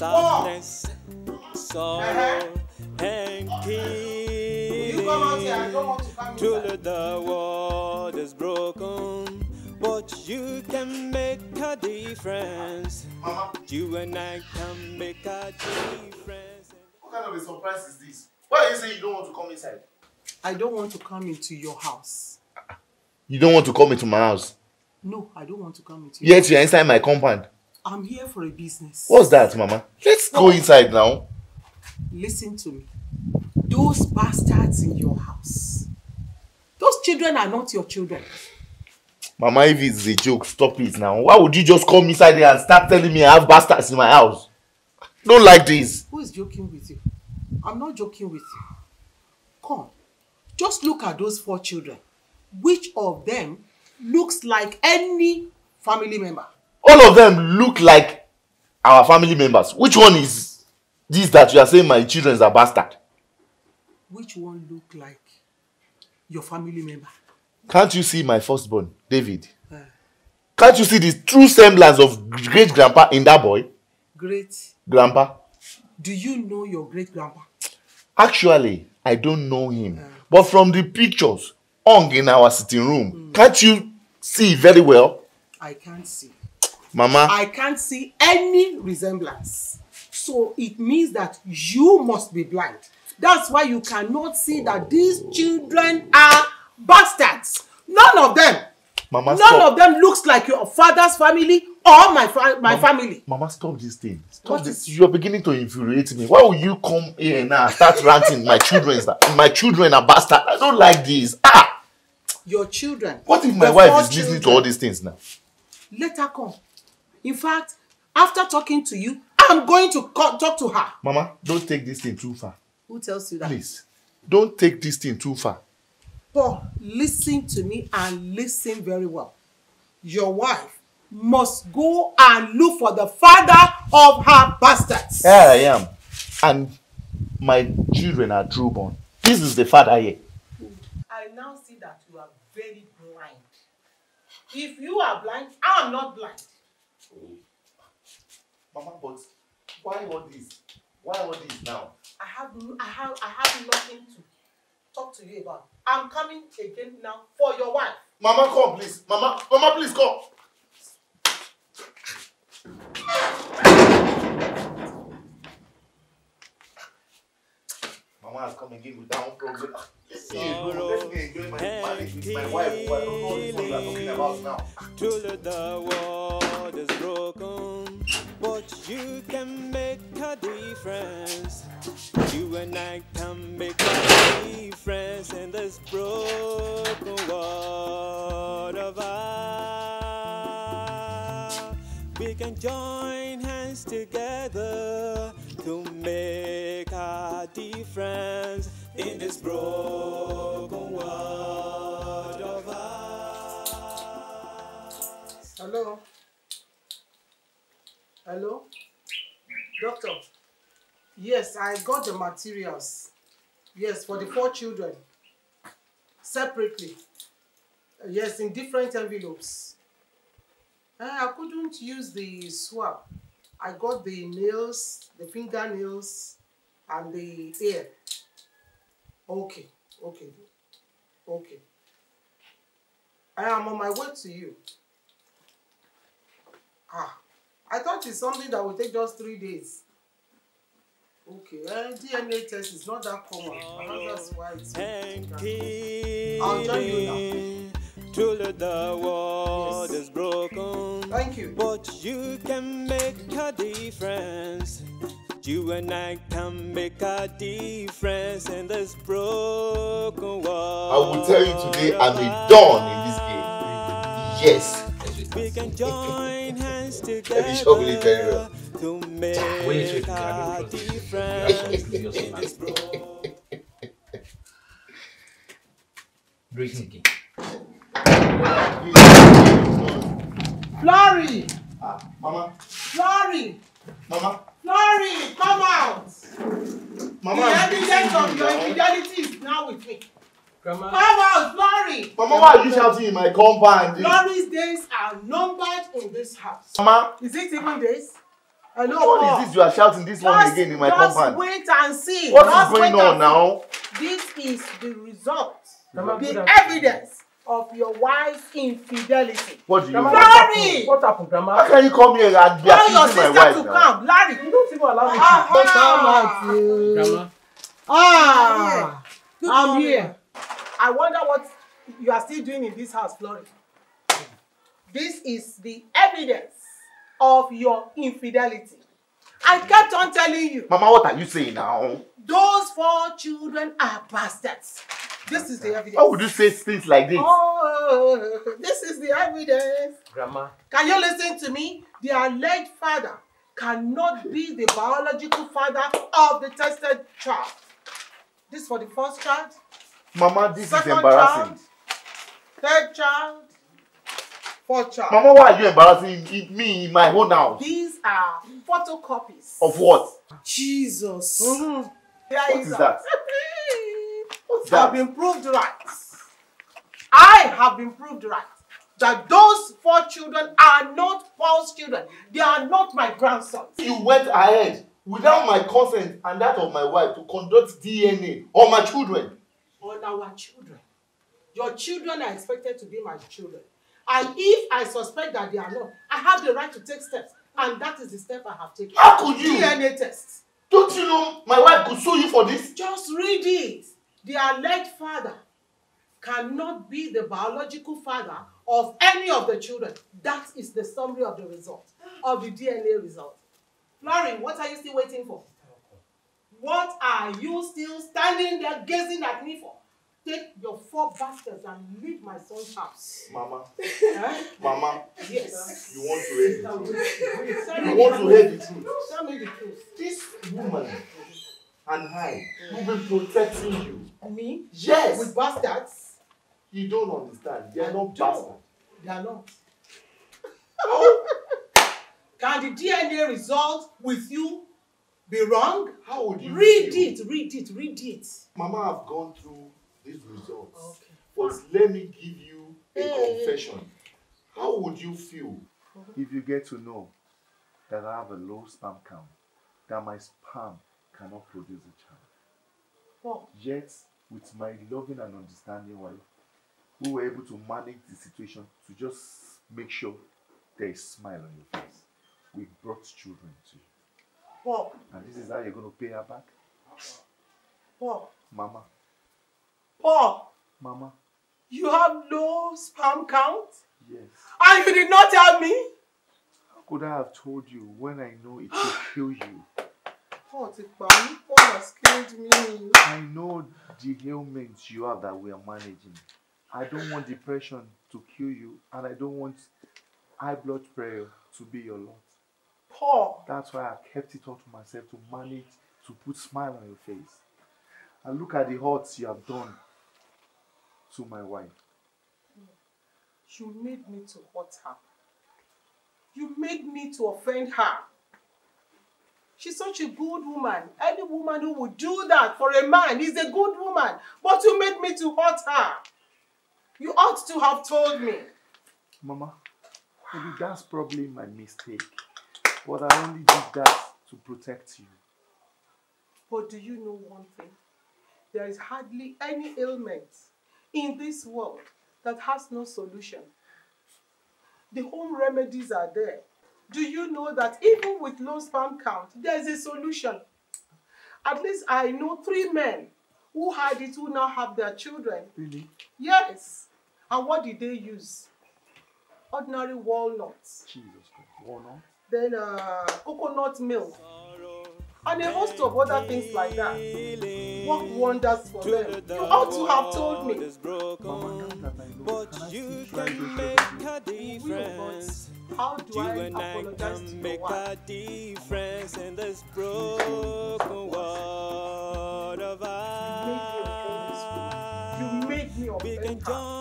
sadness, sorrow, uh-huh. and uh-huh. killing. Truly the world is broken, but you can make a difference. Uh-huh. You and I can make a difference. What kind of a surprise is this? Why are you say you don't want to come inside? I don't want to come into your house. You don't want to come into my house? No, I don't want to come into your Yet house. you're inside my compound. I'm here for a business. What's that, Mama? Let's no. go oh. inside now. Listen to me. Those bastards in your house. Those children are not your children. Mama, if it's a joke, stop it now. Why would you just come inside there and start telling me I have bastards in my house? Don't like this. Who is joking with you? I'm not joking with you. Come, just look at those four children. Which of them looks like any family member? all of them look like our family members which one is this that you are saying my children is a bastard. which one look like your family member. can't you see my firstborn david. Uh. can't you see the true semblance of great grandpa in that boy. great. grandpa. do you know your great grandpa. actually i don't know him uh, but from the pictures hung in our sitting room mm. can't you see very well. i can't see. Mama. I can't see any resemblance. So it means that you must be blind. That's why you cannot see that these children are bastards. None of them. Mama, None stop. of them looks like your father's family or my fa my Mama, family. Mama, stop this thing. Stop what this. Is... You beginning to infuriate me. Why would you come here now and start ranting? My children, my children are bastards. I don't like this. Ah. Your children. What if my wife is children. listening to all these things now? Let her come. In fact, after talking to you, I'm going to talk to her. Mama, don't take this thing too far. Who tells you that? Please, don't take this thing too far. Paul, listen to me and listen very well. Your wife must go and look for the father of her bastards. Here I am. And my children are trueborn. This is the father here. I now see that you are very blind. If you are blind, I am not blind. Mama, but why all this? Why all this now? I have, I have, I have nothing to talk to you about. I'm coming again now for your wife. Mama, come please. Mama, Mama, please come. Mama has come again with that one problem. Listen, let me enjoy my marriage with my is broken, but you can make a difference. You and I can make a difference in this broken world of ours. We can join hands together to make a difference in this broken world of ours. Hello. Hello? Doctor? Yes, I got the materials. Yes, for the four children. Separately. Yes, in different envelopes. Eh, I couldn't use the swab. I got the nails, the fingernails, and the ear. Okay, okay, okay. I am on my way to you. Ah. I thought it's something that will take just three days. Okay, uh, eh, DNA test is not that common. Perhaps that's oh, why it's so I'll tell you now. Truly the world yes. is broken. Thank you. But you can make a difference. You and I can make a difference in this broken world. I will tell you today I'm a don in this game. Yes. We can join Kevin showed me very well. Way to grab Breathing again. Flurry! Ah, Mama. Flurry! Mama. Flurry, come out! Mama. The evidence of your infidelity is now with me. Grandma. How about Lori? Mama, why are you shouting in my compound? Lori's days are numbered in this house. Mama. Is it even this? Hello. Which one is this you are shouting this just, one again in my just compound? Just wait and see. What just is going on now? This is the result. Grandma, the evidence of your wife's infidelity. What do you Grandma, Larry! What happened, Grandma? How can you come here and be Tell your sister to come. Larry! You don't even allow me to come out. Grandma. Ah! Good I'm here. I wonder what you are still doing in this house, Glory. This is the evidence of your infidelity. I kept on telling you. Mama, what are you saying now? Those four children are bastards. This is the evidence. How would you say things like this? Oh, this is the evidence. Grandma. Can you listen to me? The alleged father cannot be the biological father of the tested child. This for the first child. Mama, this Second is embarrassing. Child, third child, fourth child. Mama, why are you embarrassing me in my own house? These are photocopies. Of what? Jesus. Mm-hmm. What is, is that? What's that? I've been proved right. I have been proved right that those four children are not Paul's children. They are not my grandsons. You went ahead without my consent and that of my wife to conduct DNA on my children on our children. Your children are expected to be my children. And if I suspect that they are not, I have the right to take steps. And that is the step I have taken. How could you? DNA test. Don't you know my wife could sue you for this? Just read it. The alleged father cannot be the biological father of any of the children. That is the summary of the result, of the DNA result. Florrie, what are you still waiting for? What are you still standing there gazing at me for? Take your four bastards and leave my son's house. Mama. Huh? Mama. Yes. You want to hear the truth. You want to hear the truth. Tell me the truth. This woman and I will be protecting you. Me? Yes. With bastards? You don't understand. They are not bastards. They are not. Oh! Can the DNA result with you be wrong? How would you Read feel? it, read it, read it. Mama, I've gone through these results. Okay. But let me give you a hey. confession. How would you feel uh-huh. if you get to know that I have a low sperm count, that my sperm cannot produce a child? What? Yet, with my loving and understanding wife, we were able to manage the situation to just make sure there is smile on your face. We brought children to you. Paul. And this is how you're going to pay her back? Paul. Mama. Paul. Mama. You have no sperm count? Yes. And you did not tell me? How could I have told you when I know it will kill you? Paul, Paul has killed me. I know the ailments you have that we are managing. I don't want depression to kill you, and I don't want high blood pressure to be your lot. That's why I kept it all to myself to manage to put smile on your face. And look at the hurts you have done to my wife. You made me to hurt her. You made me to offend her. She's such a good woman. Any woman who would do that for a man is a good woman. But you made me to hurt her. You ought to have told me. Mama, maybe that's probably my mistake. But I only did that to protect you. But do you know one thing? There is hardly any ailment in this world that has no solution. The home remedies are there. Do you know that even with low sperm count, there is a solution? At least I know three men who had it who now have their children. Really? Yes. And what did they use? Ordinary walnuts. Jesus Christ. Walnuts? then uh, coconut milk, and a host of other things like that. Work wonders for them. You ought to have told me. Mama, now that but you can make a difference. How do you I and I can make a difference in this broken world of ours. You make me a better.